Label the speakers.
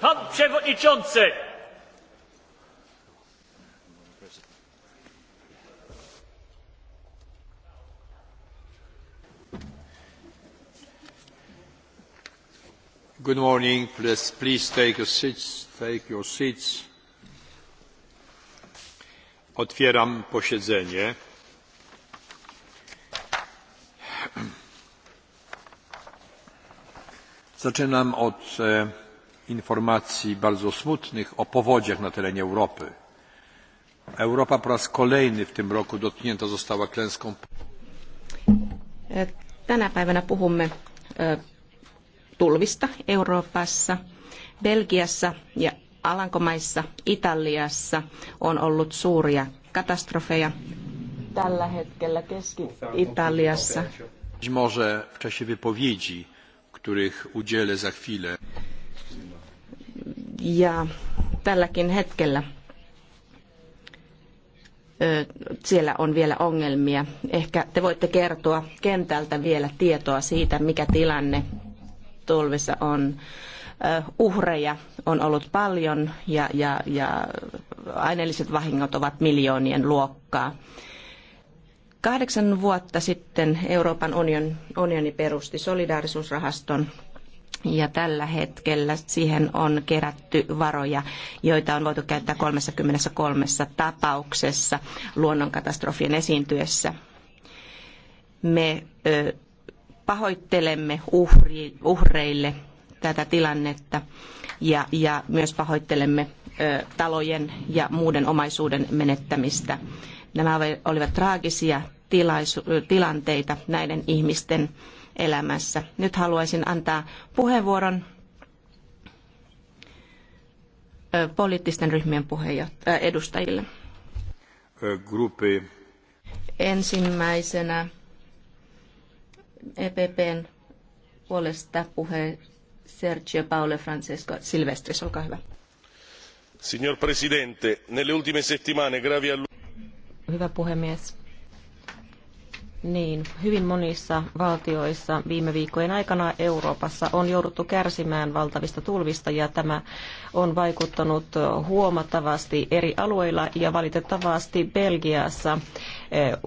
Speaker 1: Pan przewodniczący!
Speaker 2: Good morning. Please, please take, your seats, take your seats. Otwieram posiedzenie. Zaczynam od e, informacji bardzo smutnych o powodziach na terenie Europy. Europa po raz kolejny w tym roku dotknięta została klęską.
Speaker 1: E, tänä päivänä puhumme e, tulvista Euroopassa, Belgiassa ja Alankomaissa, Italiassa on ollut suuria katastrofeja. Tällä hetkellä Keski-Italiassa.
Speaker 2: może w czasie wypowiedzi, których udzielę za chwilę.
Speaker 1: Ja tälläkin hetkellä siellä on vielä ongelmia. Ehkä te voitte kertoa kentältä vielä tietoa siitä, mikä tilanne tulvissa on. Uhreja on ollut paljon ja, ja, ja aineelliset vahingot ovat miljoonien luokkaa. Kahdeksan vuotta sitten Euroopan unioni perusti solidaarisuusrahaston ja tällä hetkellä siihen on kerätty varoja, joita on voitu käyttää 33 tapauksessa luonnonkatastrofien esiintyessä. Me pahoittelemme uhri, uhreille tätä tilannetta ja, ja myös pahoittelemme talojen ja muuden omaisuuden menettämistä. Nämä olivat traagisia tilaisu, tilanteita näiden ihmisten elämässä. Nyt haluaisin antaa puheenvuoron poliittisten ryhmien edustajille. Gruppi. Ensimmäisenä EPPn puolesta puhe Sergio Paolo Francesco Silvestris, olkaa hyvä.
Speaker 2: Signor Presidente, nelle ultime settimane gravi
Speaker 1: Hyvä puhemies. Niin, hyvin monissa valtioissa viime viikkojen aikana Euroopassa on jouduttu kärsimään valtavista tulvista ja tämä on vaikuttanut huomattavasti eri alueilla ja valitettavasti Belgiassa eh,